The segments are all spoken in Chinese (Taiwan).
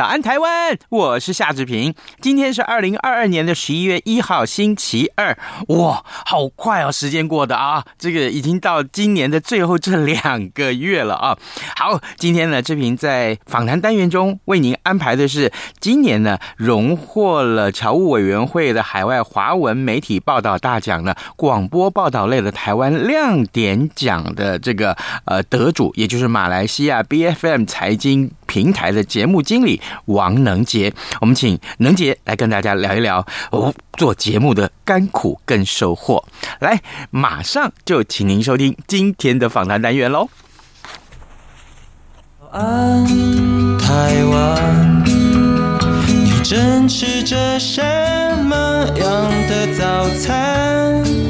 早安，台灣！我是夏治平。今天是二零二二年的十一月一號，星期二。哇，好快哦，時間過得啊！這個已經到今年的最後這兩個月了啊。好，今天呢，治平在訪談單元中為您安排的是今年呢，榮獲了僑務委員會的海外華文媒體報道大獎的廣播報道類的台灣亮點獎的這個呃得主，也就是馬來西亞 BFM 財今平台的節目經理。王能杰，我們請能杰來跟大家聊一聊、哦、做節目的甘苦跟收穫。來，馬上就請您收聽今天的訪談單元嘍。早安，台灣，你正吃著什麼樣的早餐？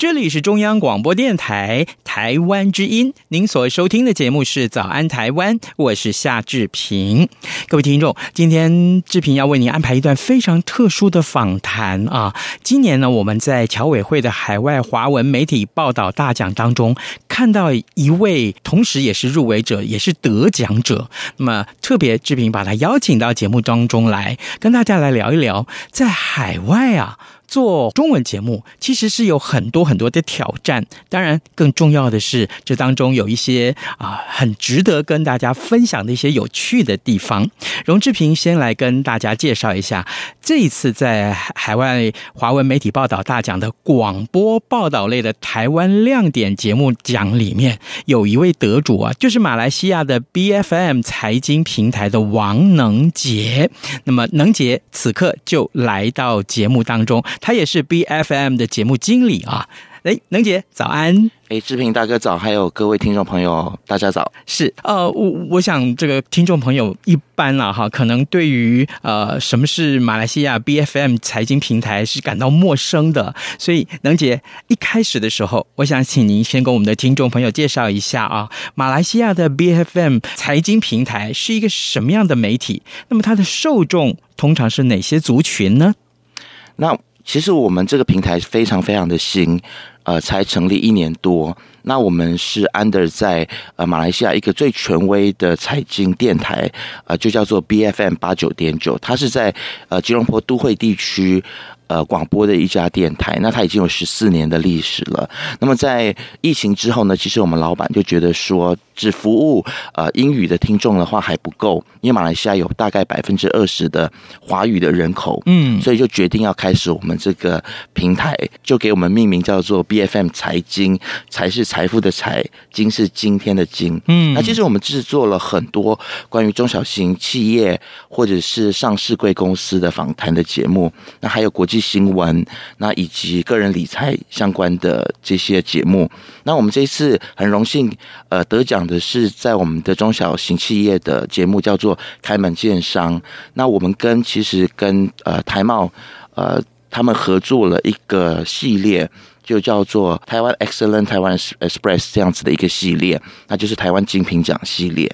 這裡是中央廣播電台台灣之音，您所收聽的節目是《早安台灣》，我是夏治平。各位聽眾，今天治平要為您安排一段非常特殊的訪談啊！今年呢，我們在僑委會的海外華文媒體報道大獎當中，看到一位，同時也是入圍者，也是得獎者。那麼，特別治平把他邀請到節目當中來，跟大家來聊一聊，在海外啊。做中文節目其實是有很多很多的挑戰，當然更重要的是，這當中有一些啊很值得跟大家分享的一些有趣的地方。夏治平先來跟大家介紹一下，這一次在海外華文媒體報道大獎的廣播報道類的台灣亮點節目獎裡面，有一位得主啊，就是馬來西亞的 BFM 財今平台的王能傑。那麼能傑此刻就來到節目當中。他也是 B F M 的節目經理啊，哎，能傑早安。哎，志平大哥早，還有各位聽眾朋友，大家早。是呃，我我想這個聽眾朋友一般了、啊、哈，可能對於呃什麼是馬來西亞 B F M 財經平台是感到陌生的，所以能傑一開始的時候，我想請您先跟我們的聽眾朋友介紹一下啊，馬來西亞的 B F M 財經平台是一個什麼樣的媒體？那麼它的受眾通常是哪些族群呢？那其實我們這個平台非常非常的新，呃，才成立一年多。那我們是 under 在呃馬來西亞一個最權威的財經電台，呃，就叫做 BFM 八九點九。它是在呃吉隆坡都會地區呃廣播的一家電台。那它已經有十四年的歷史了。那麼在疫情之後呢，其實我們老闆就覺得說，只服務呃英語的聽眾的話還不夠，因為馬來西亞有大概百分之二十的華語的人口，嗯，所以就決定要開始我們這個平台，就給我們命名叫做 BFM 財今。財是財富的財，今是今天的今。嗯，那其實我們製作了很多關於中小型企業或者是上市櫃公司的訪談的節目，那還有國際新聞，那以及個人理財相關的這些節目，那我們這一次很榮幸呃得獎，是在我們的中小型企業的節目叫做開門見商。那我們跟其實跟呃台貿呃他們合作了一個系列，就叫做台灣 Excellent 台灣 Express 這樣子的一個系列，那就是台灣精品獎系列。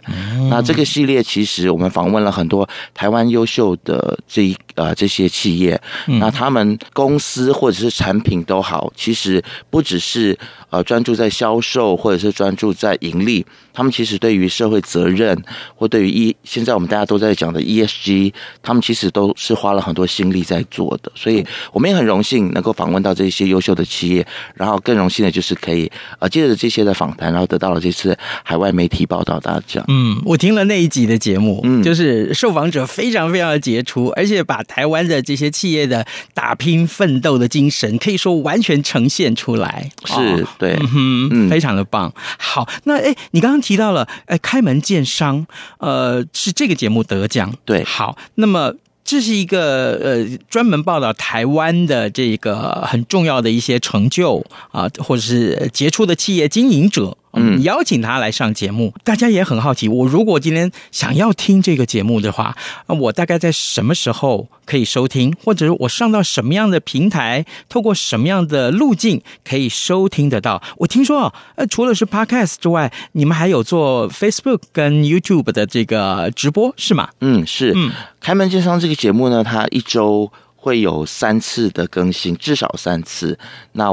那這個系列其實我們訪問了很多台灣優秀的這一呃這些企業，那他們公司或者是產品都好，其實不只是。呃，專注在銷售或者是專注在盈利，他們其實對於社會責任或對於 E，現在我們大家都在講的 ESG，他們其實都是花了很多心力在做的。所以，我們也很榮幸能夠訪問到這些優秀的企業，然後更榮幸的就是可以呃，藉著這些的訪談，然後得到了這次海外媒體報道大獎。嗯，我聽了那一集的節目，嗯，就是受訪者非常非常的傑出，而且把台灣的這些企業的打拼奮鬥的精神，可以說完全呈現出來，是。對、嗯嗯哼，非常的棒。好，那哎，你剛剛提到了，哎，開門見商，呃，是這個節目得獎。對，好，那麼這是一個呃，專門報道台灣的這個很重要的一些成就啊、呃，或者是傑出的企業經營者。嗯，邀請他來上節目，大家也很好奇。我如果今天想要聽這個節目的話，我大概在什麼時候可以收聽，或者是我上到什麼樣的平台，透過什麼樣的路徑可以收聽得到？我聽說，呃，除了是 Podcast 之外，你們還有做 Facebook 跟 YouTube 的這個直播是嗎？嗯，是。嗯，開門見商這個節目呢，它一周會有三次的更新，至少三次。那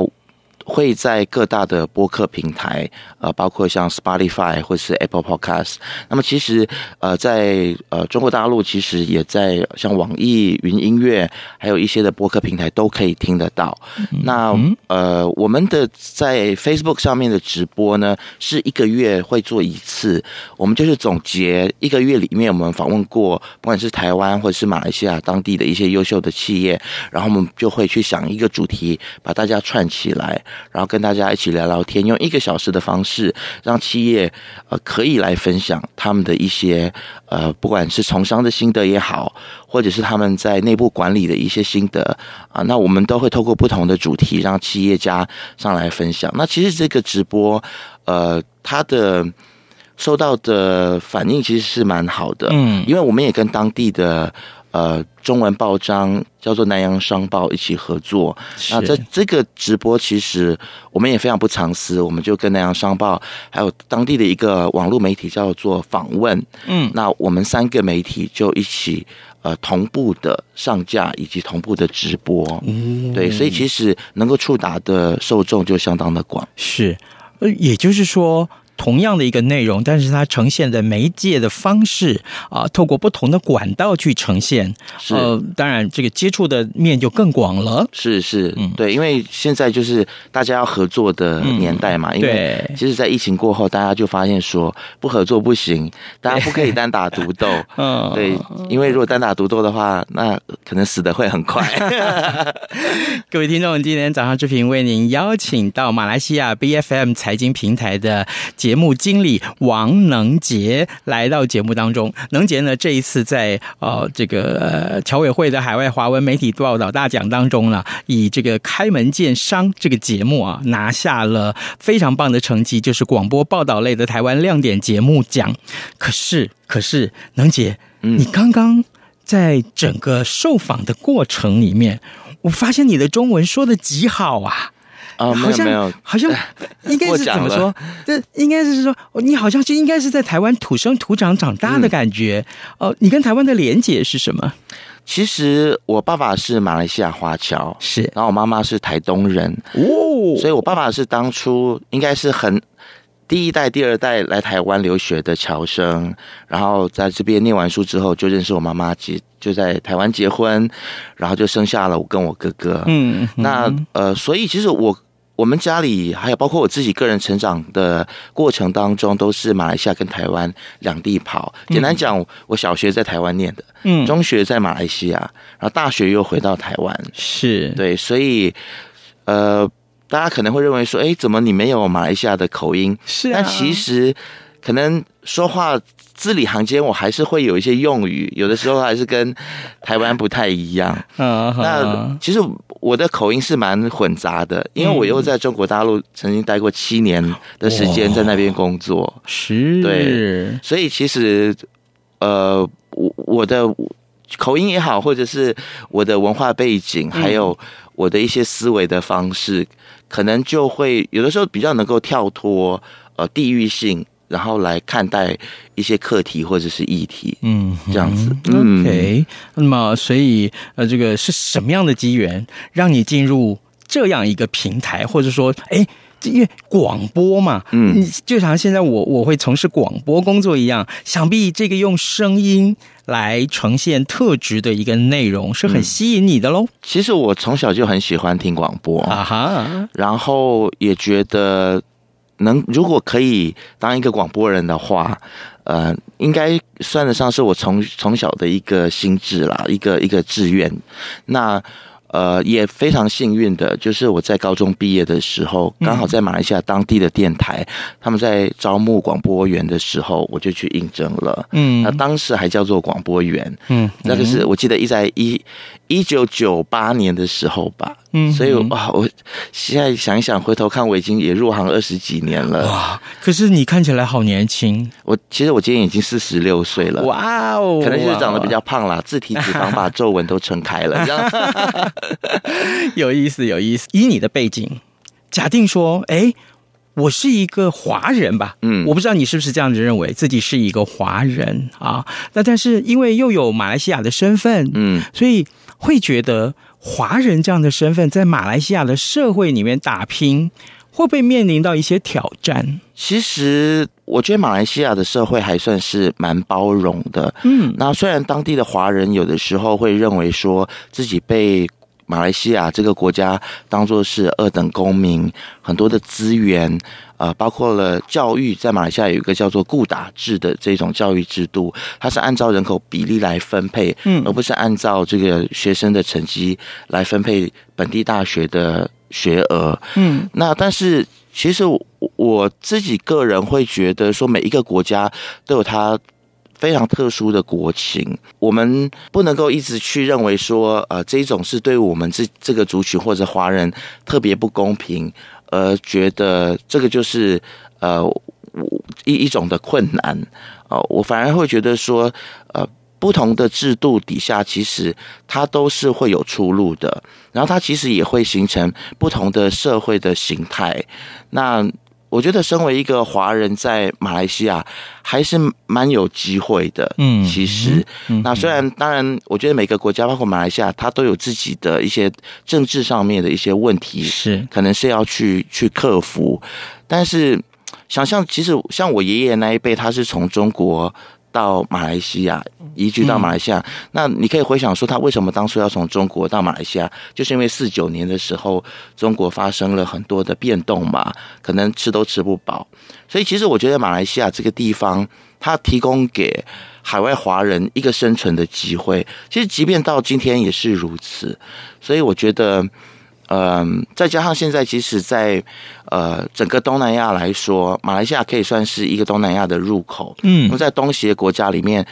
會在各大的播客平台，呃，包括像 Spotify 或是 Apple Podcast。那麼其實，呃，在呃中國大陸，其實也在像網易雲音樂，還有一些的播客平台都可以聽得到。Mm -hmm. 那呃，我們的在 Facebook 上面的直播呢，是一個月會做一次。我們就是總結一個月裡面，我們訪問過，不管是台灣或者是馬來西亞當地的一些優秀的企業，然後我們就會去想一個主題，把大家串起來。然後跟大家一起聊聊天，用一個小時的方式，讓企業呃可以來分享他們的一些呃，不管是從商的心得也好，或者是他們在內部管理的一些心得啊、呃，那我們都會透過不同的主題，讓企業家上來分享。那其實這個直播呃，他的收到的反應其實是蠻好的，嗯，因為我們也跟當地的。呃，中文報章叫做《南洋商報》一起合作，是那這這個直播其實我們也非常不藏私，我們就跟《南洋商報》還有當地的一個網絡媒體叫做《訪問》，嗯，那我們三個媒體就一起呃同步的上架以及同步的直播，嗯，對，所以其實能夠觸達的受眾就相當的廣，是，也就是說。同樣的一個內容，但是它呈現的媒介的方式啊、呃，透過不同的管道，去呈現，是、呃，當然這個接觸的面就更廣了。是是、嗯，對，因為現在就是大家要合作的年代嘛，嗯、因為其實在疫情過後，大家就發現說不合作不行，大家不可以單打獨鬥。嗯， 對，因為如果單打獨鬥的話，那可能死的會很快。 各位聽眾，今天早上治平為您邀請到馬來西亞 BFM 財今平台的。節目經理王能傑來到節目當中，能傑呢，這一次在呃這個僑委會的海外華文媒體報道大獎當中呢，以這個開門見商這個節目啊，拿下了非常棒的成績，就是廣播報道類的台灣亮點節目獎。可是，可是，能傑，嗯，你剛剛在整個受訪的過程裡面，我發現你的中文說得極好啊。Oh, 好像沒有，好像應該是怎麼說？這應該是說，你好像就應該是在台灣土生土長長大的感覺。哦、嗯呃，你跟台灣的連結是什麼？其實我爸爸是馬來西亞華僑，是，然後我媽媽是台東人哦，所以，我爸爸是當初應該是很第一代、第二代來台灣留學的僑生，然後在這邊念完書之後，就認識我媽媽結，結就在台灣結婚，然後就生下了我跟我哥哥。嗯，那呃，所以其實我。我們家裡還有包括我自己個人成長的過程當中，都是馬來西亞跟台灣兩地跑。簡單講，我小學在台灣念的，中學在馬來西亞，然後大學又回到台灣。是，對，所以，呃，大家可能會認為說，哎，怎麼你沒有馬來西亞的口音？是，但其實可能說話字裡行間，我還是會有一些用語，有的時候還是跟台灣不太一樣。啊，那其實。我的口音是蠻混雜的，因為我又在中國大陸曾經待過七年的時間，在那邊工作、嗯。是，對，所以其實，呃，我我的口音也好，或者是我的文化背景，還有我的一些思維的方式、嗯，可能就會有的時候比較能夠跳脫，呃，地域性。然後來看待一些課題或者是議題，嗯，這樣子、嗯。OK，那麼所以呃，這個是什麼樣的機緣讓你進入這樣一個平台，或者說，哎，這，因為廣播嘛，嗯，就像現在我我會從事廣播工作一樣，想必這個用聲音來呈現特質的一個內容是很吸引你的嘍、嗯。其實我從小就很喜歡聽廣播啊哈，然後也覺得。能，如果可以當一個廣播人的話，呃，應該算得上，是我從從小的一個心智啦，一個一個志願。那呃也非常幸運的，就是我在高中畢業的時候，剛好在馬來西亞當地的電台，嗯、他們在招募廣播員的時候，我就去應徵了。嗯，那當時還叫做廣播員。嗯，那個是我記得一在一一九九八年的時候吧。嗯，所以哇，我現在想一想，回頭看，我已經也入行二十幾年了哇。可是你看起來好年輕，我其實我今年已經四十六歲了哇哦，wow, 可能是長得比較胖啦，自體脂肪把皺紋都撐開了， 這樣有意思有意思。以你的背景，假定說，哎，我是一個華人吧，嗯，我不知道你是不是這樣子認為自己是一個華人啊？那但是因為又有馬來西亞的身份，嗯，所以會覺得。華人這樣的身份在馬來西亞的社會裡面打拼，會不會面臨到一些挑戰？其實我覺得馬來西亞的社會還算是蠻包容的，嗯，那雖然當地的華人有的時候會認為說自己被馬來西亞這個國家當做是二等公民，很多的資源。啊，包括了教育，在馬來西亞有一個叫做固打制的這種教育制度，它是按照人口比例來分配，嗯，而不是按照這個學生的成績來分配本地大學的學額，嗯。那但是其實我，我自己個人會覺得說，每一個國家都有它非常特殊的國情，我們不能夠一直去認為說，呃，這一種是對於我們這這個族群或者華人特別不公平。呃，覺得這個就是呃我一一種的困難呃，我反而會覺得說，呃，不同的制度底下，其實它都是會有出路的，然後它其實也會形成不同的社會的形態，那。我覺得身為一個華人，在馬來西亞還是蠻有機會的。嗯，其實，嗯、那雖然當然，我覺得每個國家包括馬來西亞，它都有自己的一些政治上面的一些問題是，可能是要去去克服。但是，想像其實像我爺爺那一輩，他是從中國。到馬來西亞，移居到馬來西亞。嗯，那你可以回想說，他為什麼當初要從中國到馬來西亞？就是因為四九年的時候，中國發生了很多的變動嘛，可能吃都吃不飽，所以其實我覺得馬來西亞這個地方，它提供給海外華人一個生存的機會，其實即便到今天也是如此，所以我覺得。嗯、呃，再加上現在，其實在呃整個東南亞來說，馬來西亞可以算是一個東南亞的入口。嗯，那在東協國家裡面，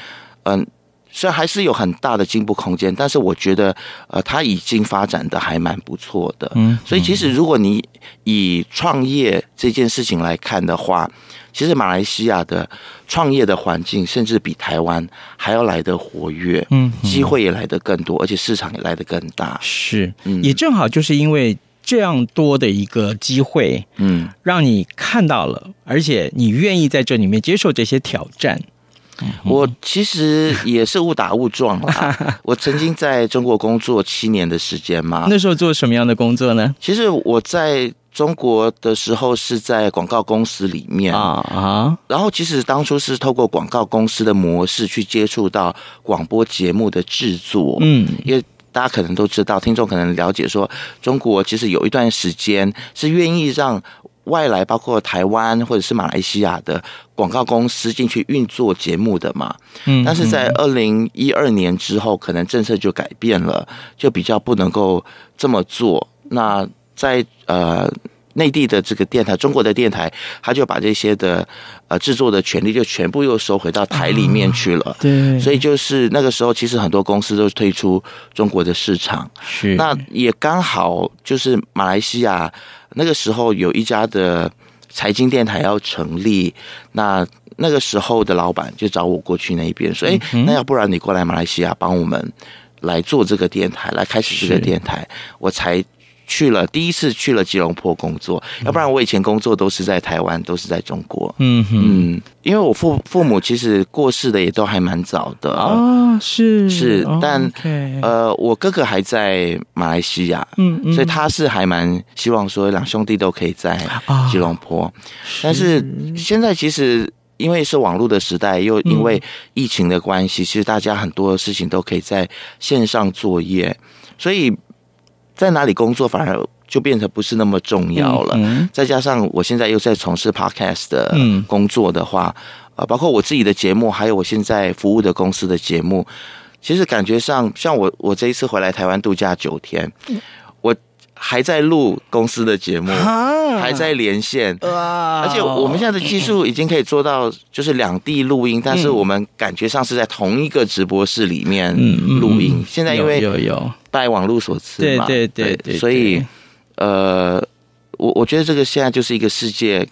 嗯、呃。雖然還是有很大的進步空間，但是我覺得，呃，它已經發展得還蠻不錯的。嗯，嗯，所以其實如果你以創業這件事情來看的話，其實馬來西亞的創業的環境甚至比台灣還要來得活躍。嗯，嗯，機會也來得更多，而且市場也來得更大。是，嗯，也正好就是因為這樣多的一個機會，嗯，讓你看到了，而且你願意在這裡面接受這些挑戰。我其實也是誤打誤撞啦 我曾經在中國工作，七年的時間嘛，那時候做什麼樣的工作呢？其實我在中國的時候是在廣告公司裡面啊啊、哦哦，然後其實當初是透過廣告公司的模式去接觸到廣播節目的製作。嗯，因為大家可能都知道，聽眾可能了解說，中國其實有一段時間是願意讓。外來包括台灣或者是馬來西亞的廣告公司進去運作節目的嘛，嗯，但是在二零一二年之後，可能政策就改變了，就比較不能夠這麼做。那在呃內地的這個電台，中國的電台，他就把這些的呃制作的權利就全部又收回到台裡面去了。對，所以就是那個時候，其實很多公司都退出中國的市場，是那也剛好就是馬來西亞。那個時候有一家的財經電台要成立，那那個時候的老闆就找我過去那一邊說：“哎、欸，那要不然你過來馬來西亞幫我們來做這個電台，來開始這個電台。”我才。去了第一次去了吉隆坡工作，嗯，要不然我以前工作都是在台灣，都是在中國。嗯嗯，因為我父父母其實過世的也都還蠻早的啊、哦，是是，但、okay. 呃，我哥哥還在馬來西亞，嗯，嗯，所以他是還蠻希望說兩兄弟都可以在吉隆坡。哦、但是現在其實因為是網絡的時代，又因為疫情的關係，嗯，其實大家很多事情都可以在線上作業，所以。在哪裡工作反而就變成不是那麼重要了。嗯嗯，再加上我現在又在從事 podcast 的工作的話，啊、嗯，包括我自己的節目，還有我現在服務的公司的節目，其實感覺上，像我我這一次回來台灣度假九天，嗯還在錄公司的節目，huh? 還在連線，wow. 而且我們現在的技術已經可以做到，就是兩地錄音、嗯，但是我們感覺上是在同一個直播室裡面錄音、嗯嗯嗯。現在因為有有拜網絡所賜嘛，對對對對，對，對，所以呃，我我覺得這個現在就是一個世界。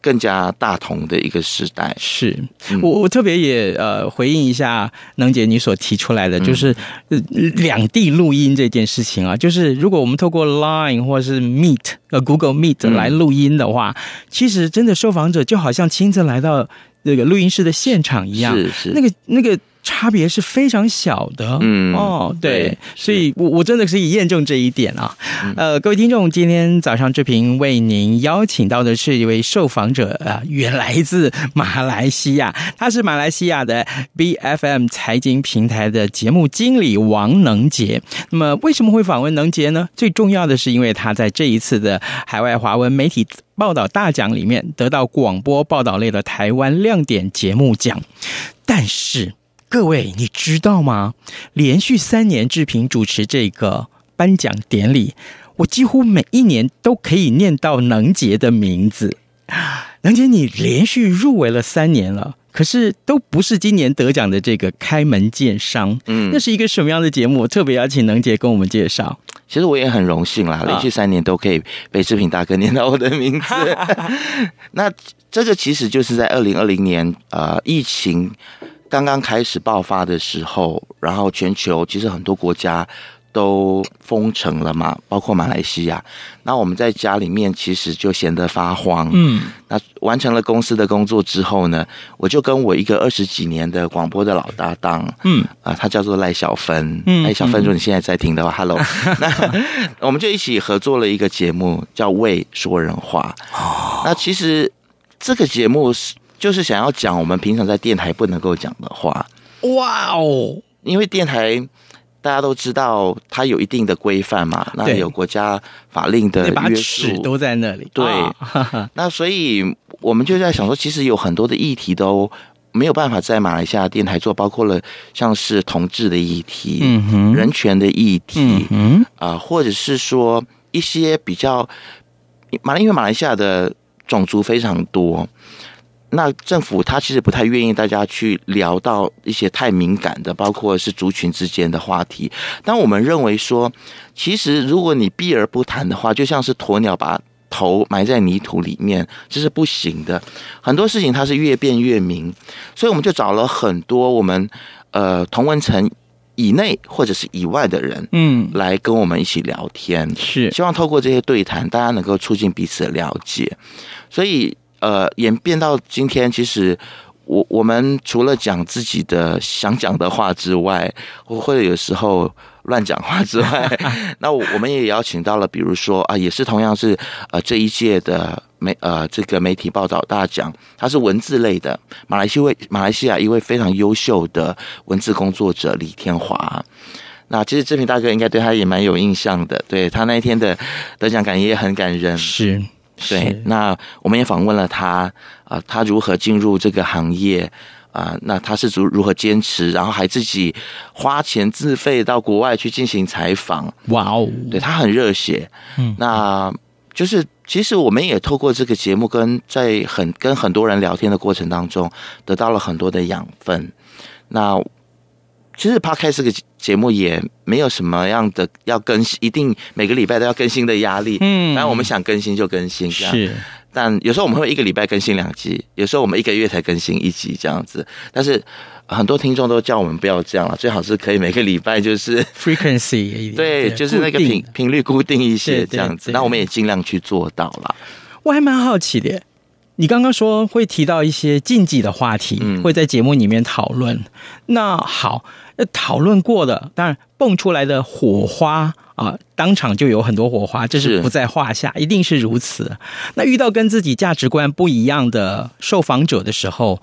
更加大同的一個時代。是我我特別也呃回應一下能傑你所提出來的，就是、呃、兩地錄音這件事情啊，就是如果我們透過 Line 或是 Meet 呃 Google Meet 來錄音的話、嗯，其實真的受訪者就好像親自來到那個錄音室的現場一樣，是是那個那個。那個差別是非常小的，嗯，哦，對，對，所以我我真的可以驗證這一點啊、嗯。呃，各位聽眾，今天早上治平為您邀請到的是一位受訪者啊、呃，原來自馬來西亞，他是馬來西亞的 B F M 財經平台的節目經理王能傑。那麼為什麼會訪問能傑呢？最重要的是，因為他在這一次的海外華文媒體報道大獎裡面得到廣播報道類的台灣亮點節目獎，但是。各位，你知道嗎？連續三年志平主持這個頒獎典禮，我幾乎每一年都可以念到能杰的名字。能杰，你連續入圍了三年了，可是都不是今年得獎的這個開門見商。嗯，那是一個什麼樣的節目？我特別邀請能杰跟我們介紹。其實我也很榮幸啦，連續三年都可以被志平大哥念到我的名字。 那這個其實就是在二零二零年呃疫情。剛剛開始爆發的時候，然後全球其實很多國家都封城了嘛，包括馬來西亞。那我們在家裡面其實就閒得發慌。嗯，那完成了公司的工作之後呢，我就跟我一個二十幾年的廣播的老搭檔，嗯，啊、呃，他叫做賴曉芬。賴、嗯，哎、曉芬，如果你現在在聽的話，Hello， 那我們就一起合作了一個節目，叫《喂！說人話》。哦，那其實這個節目是。就是想要講我們平常在電台不能夠講的話，哇哦！因為電台大家都知道它有一定的規範嘛，那有國家法令的約束都在那裡。對，那所以我們就在想說，其實有很多的議題都沒有辦法在馬來西亞電台做，包括了像是同志的議題、人權的議題，啊，或者是說一些比較馬來，因為馬來西亞的種族非常多。那政府他其實不太願意大家去聊到一些太敏感的，包括是族群之間的話題。但我們認為說，其實如果你避而不談的話，就像是鴕鳥把頭埋在泥土裡面，這、就是不行的。很多事情它是越辯越明，所以我們就找了很多我們呃同溫層以內或者是以外的人，嗯，來跟我們一起聊天，嗯、是希望透過這些對談，大家能夠促進彼此的了解，所以。呃，演變到今天，其實我我們除了講自己的想講的話之外，或或者有時候亂講話之外， 那我們也邀請到了，比如說啊，也是同樣是呃這一屆的媒呃這個媒體報道大獎，他是文字類的，馬來西亞馬來西亞一位非常優秀的文字工作者李天華。那其實治平大哥應該對他也蠻有印象的，對他那一天的得獎感也很感人。是。對，那我們也訪問了他啊、呃，他如何進入這個行業啊、呃，那他是如如何堅持，然後還自己花錢自費到國外去進行採訪。哇、wow. 哦，對，他很熱血。嗯，那就是其實我們也透過這個節目跟，跟在很跟很多人聊天的過程當中，得到了很多的養分。那我。其實 Podcast 這個節目也沒有什麼樣的要更新，一定每個禮拜都要更新的壓力。嗯，然後我們想更新就更新這樣，是。但有時候我們會一個禮拜更新兩集，有時候我們一個月才更新一集這樣子。但是很多聽眾都叫我們不要這樣了，最好是可以每個禮拜就是 frequency 對，就是那個頻頻率固定一些這樣子。那我們也盡量去做到了。我還蠻好奇的。你剛剛說會提到一些禁忌的話題，會在節目裡面討論。嗯、那好，討論過的，當然蹦出來的火花啊，當場就有很多火花，這是不在話下，一定是如此。是。那遇到跟自己價值觀不一樣的受訪者的時候，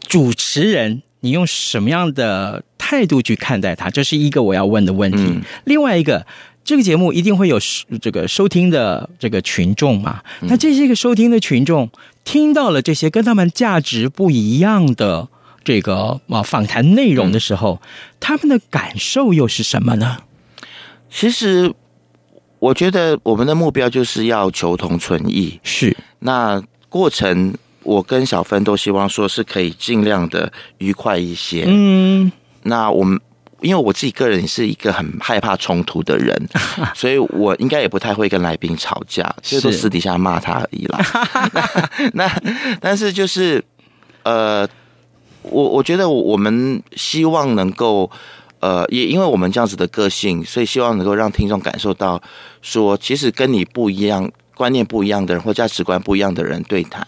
主持人你用什麼樣的態度去看待他？這是一個我要問的問題。嗯、另外一個。這個節目一定會有收這個收聽的這個群眾嘛？嗯，那這些個收聽的群眾聽到了這些跟他們價值不一樣的這個啊訪談內容的時候，嗯，他們的感受又是什麼呢？其實我覺得我們的目標就是要求同存異，是，那過程我跟小芬都希望說是可以盡量的愉快一些。嗯，那我們。因為我自己個人是一個很害怕衝突的人，所以我應該也不太會跟來賓吵架，就是私底下罵他而已啦。 那，那但是就是呃，我我覺得我們希望能夠呃，也因為我們這樣子的個性，所以希望能夠讓聽眾感受到說，說其實跟你不一樣、觀念不一樣的人，或價值觀不一樣的人對談，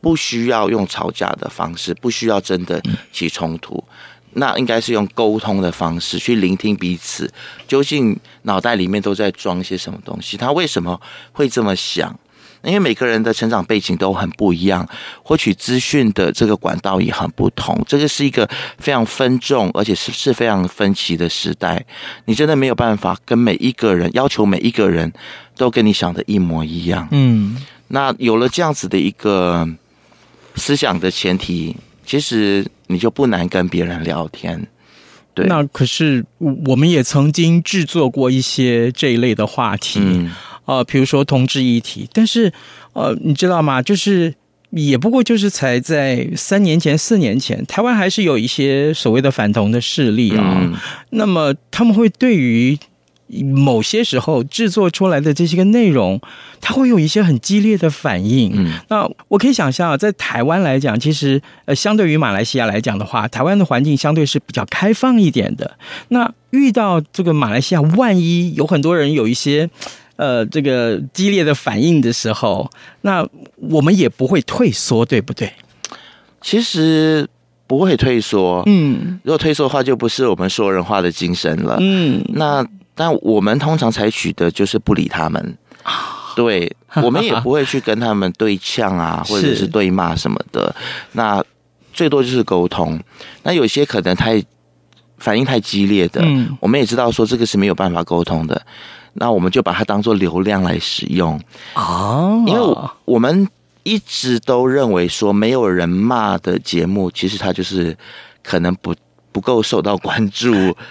不需要用吵架的方式，不需要真的起衝突。嗯那應該是用溝通的方式去聆聽彼此，究竟腦袋裡面都在裝些什麼東西？他為什麼會這麼想？因為每個人的成長背景都很不一樣，獲取資訊的這個管道也很不同。這個是一個非常分眾，而且是是非常分歧的時代。你真的沒有辦法跟每一個人要求每一個人都跟你想的一模一樣。嗯，那有了這樣子的一個思想的前提。其實你就不難跟別人聊天，對。那可是我們也曾經制作過一些這一類的話題啊，嗯、呃、比如說同志議題。但是呃，你知道嗎？就是也不過就是才在三年前、四年前，台灣還是有一些所謂的反同的勢力啊、嗯哦。那麼他們會對於。某些時候製作出來的這些個內容，它會有一些很激烈的反應。嗯，那我可以想象，在台灣來講，其實呃，相對於馬來西亞來講的話，台灣的環境相對是比較開放一點的。那遇到這個馬來西亞，萬一有很多人有一些，呃，這個激烈的反應的時候，那我們也不會退縮，對不對？其實不會退縮。嗯，如果退縮的話，就不是我們說人話的精神了。嗯，那。但我們通常採取的就是不理他們， 對，我們也不會去跟他們對嗆啊， 或者是對罵什麼的。那最多就是溝通。那有些可能太，反應太激烈的，嗯，我們也知道說這個是沒有辦法溝通的。那我們就把它當做流量來使用哦，因為我們一直都認為說沒有人罵的節目，其實它就是可能不不夠受到關注。誒、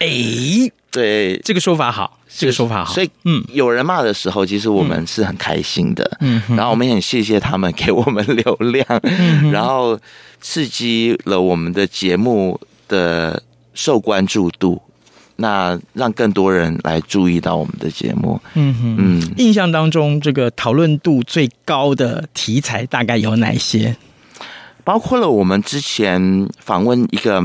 欸。對，這個說法好，這個說法好。所以，嗯，有人罵的時候，嗯，其實我們是很開心的，嗯，然後我們也很謝謝他們給我們流量，嗯，然後刺激了我們的節目的受關注度，那讓更多人來注意到我們的節目，嗯哼嗯。印象當中，這個討論度最高的題材大概有哪些？包括了我們之前訪問一個。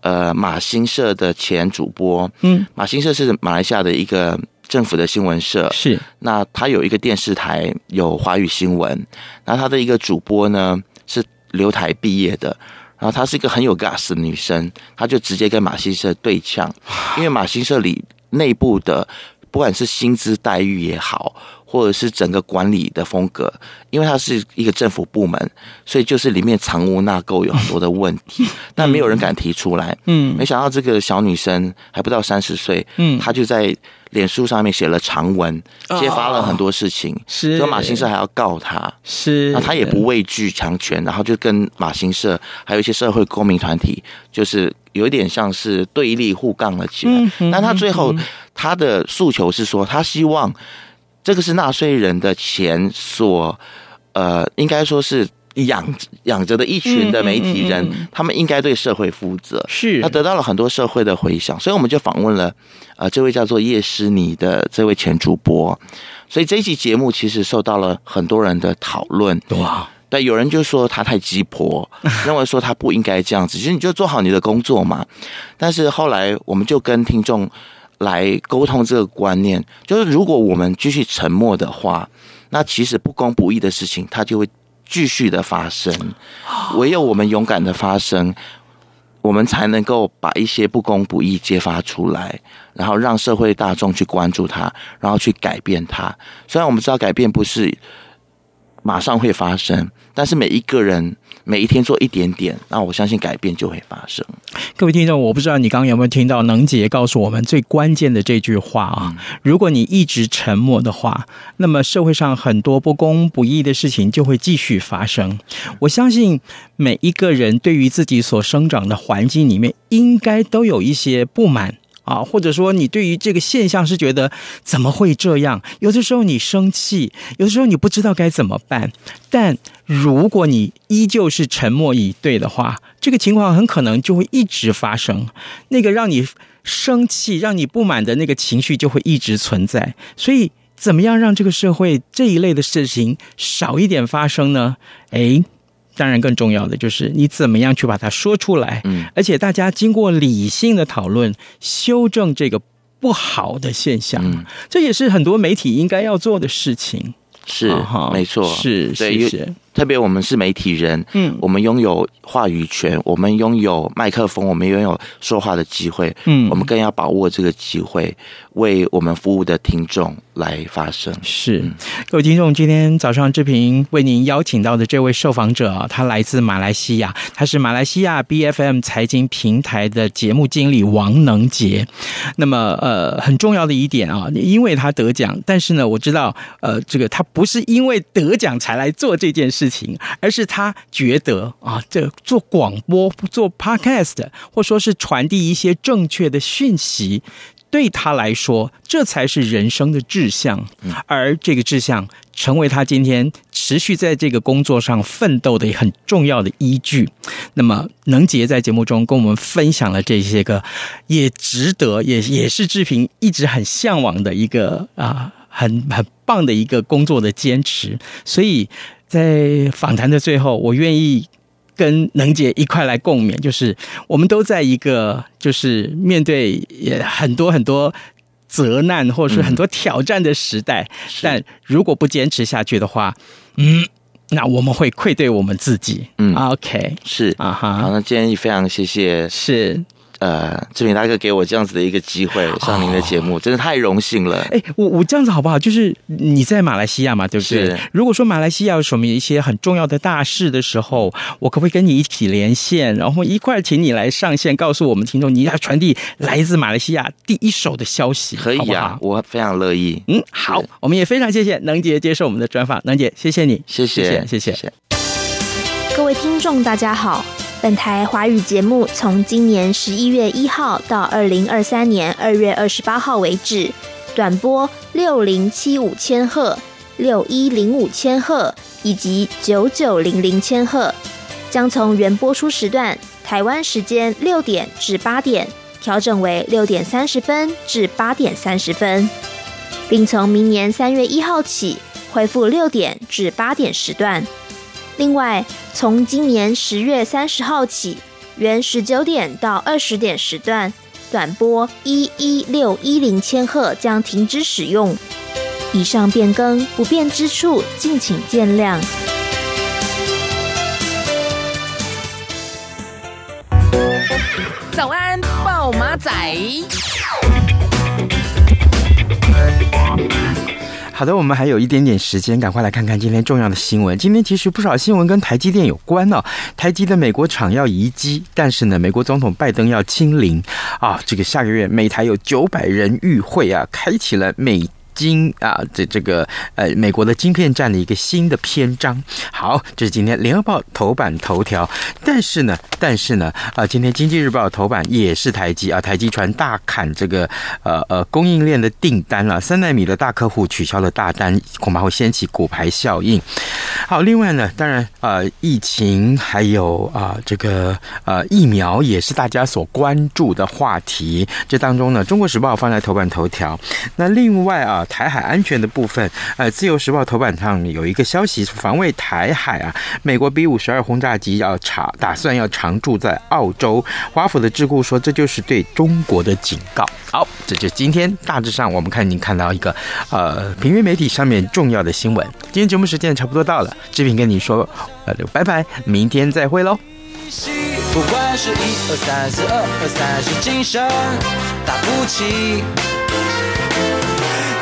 呃，馬新社的前主播，嗯，馬新社是馬來西亞的一個政府的新聞社，是，那他有一個電視台有華語新聞，那他的一個主播呢，是留台畢業的，然後她是一個很有 gas 的女生，她就直接跟馬新社對嗆，因為馬新社裡內部的，不管是薪資待遇也好。或者是整個管理的風格，因為它是一個政府部門，所以就是裡面藏污納垢有很多的問題， 嗯、但沒有人敢提出來。嗯，沒想到這個小女生還不到三十歲，嗯，她就在臉書上面寫了長文，嗯、揭發了很多事情。是、哦，馬新社還要告她，是，那她也不畏懼強權，然後就跟馬新社還有一些社會公民團體，就是有一點像是對立互槓了起來。嗯，但她最後她的訴求是說，她希望。這個是納稅人的錢，所呃，應該說是養養着的一群的媒體人，嗯嗯嗯嗯，他們應該對社會負責。是，他得到了很多社會的回響，所以我們就訪問了呃這位叫做葉詩妮的這位前主播。所以這一期節目其實受到了很多人的討論。哇，對，有人就說他太雞婆，認為說他不應該這樣子。其 實你就做好你的工作嘛。但是後來我們就跟聽眾。來溝通這個觀念，就是如果我們繼續沉默的話，那其實不公不義的事情它就會繼續的發生。唯有我們勇敢的發聲，我們才能夠把一些不公不義揭發出來，然後讓社會大眾去關注它，然後去改變它。雖然我們知道改變不是馬上會發生，但是每一個人。每一天做一點點，那我相信改變就會發生。各位聽眾，我不知道你剛剛有沒有聽到能傑告訴我們最關鍵的這句話啊！如果你一直沉默的話，那麼社會上很多不公不義的事情就會繼續發生。我相信每一個人對於自己所生長的環境裡面，應該都有一些不滿啊，或者說你對於這個現象是覺得怎麼會這樣？有的時候你生氣，有的時候你不知道該怎麼辦，但。如果你依舊是沉默以對的話，這個情況很可能就會一直發生。那個讓你生氣、讓你不滿的那個情緒就會一直存在。所以，怎麼樣讓這個社會這一類的事情少一點發生呢？誒，當然更重要的就是你怎麼樣去把它說出來。嗯，而且大家經過理性的討論，修正這個不好的現象，嗯，這也是很多媒體應該要做的事情。是哈，哦，沒錯，是，對，是是。對特別我們是媒體人，嗯，我們擁有話語權，我們擁有麥克風，我們擁有說話的機會，嗯，我們更要把握這個機會，為我們服務的聽眾來發聲，嗯。是，各位聽眾，今天早上志平為您邀請到的這位受訪者，他來自馬來西亞，他是馬來西亞 BFM 財經平台的節目經理王能杰。那麼，呃，很重要的一點啊，因為他得獎，但是呢，我知道，呃，這個他不是因為得獎才來做這件事情。情，而是他覺得啊，這做廣播、做 Podcast，或說是傳遞一些正確的訊息，對他來說，這才是人生的志向。而這個志向成為他今天持續在這個工作上奮鬥的很重要的依據。那麼，能傑在節目中跟我們分享了這些個，也值得，也也是志平一直很嚮往的一個啊，很很棒的一個工作的堅持。所以。在訪談的最後，我願意跟能傑一塊來共勉，就是我們都在一個就是面對也很多很多責難或者是很多挑戰的時代，嗯，但如果不堅持下去的話，嗯，那我們會愧對我們自己。嗯，OK，是啊哈。Uh -huh, 好，那今天也非常謝謝。是。呃，治平大哥給我這樣子的一個機會上您的節目，哦，真的太榮幸了。哎，我我這樣子好不好？就是你在馬來西亞嘛，對不對？如果說馬來西亞有什麼一些很重要的大事的時候，我可不可以跟你一起連線，然後一塊請你來上線，告訴我們聽眾，你要傳遞來自馬來西亞第一手的消息？嗯、可以啊好好，我非常樂意。嗯，好，我們也非常謝謝能杰接受我們的專訪，能杰，謝謝你，謝謝，謝謝。謝謝各位聽眾，大家好。本台華語節目從今年十一月一號到二零二三年二月二十八號為止，短波六零七五千赫、六一零五千赫以及九九零零千赫，將從原播出時段（台灣時間六點至八點）調整為六點三十分至八點三十分，並從明年三月一號起恢復六點至八點時段。另外，從今年十月三十號起，原十九點到二十點時段短波一一六一零千赫將停止使用。以上變更不便之處，敬請見諒。早安，報馬仔。好的，我們還有一點點時間，趕快來看看今天重要的新聞。今天其實不少新聞跟台積電有關呢、哦，台積的美國廠要移機，但是呢，美國總統拜登要親臨啊。這個下個月美台有九百人與會啊，開啟了美。金啊，這這個呃，美國的晶片戰的一個新的篇章。好，這是今天《聯合報》頭版頭條。但是呢，但是呢，啊、呃，今天《經濟日報》頭版也是台積啊，台積傳大砍這個呃呃供應鏈的訂單啊，三奈米的大客戶取消了大單，恐怕會掀起骨牌效應。好，另外呢，當然啊、呃，疫情還有啊、呃、這個呃疫苗也是大家所關注的話題。這當中呢，《中國時報》放在頭版頭條。那另外啊。台海安全的部分，呃，《自由時報》頭版上有一個消息，防衛台海啊，美國 B 五十二轟炸機要常，打算要常駐在澳洲。華府的智庫說，這就是對中國的警告。好，這就是今天大致上我們看您看到一個，呃，平面媒體上面重要的新聞。今天節目時間差不多到了，治平跟你說，呃，拜拜，明天再會嘍。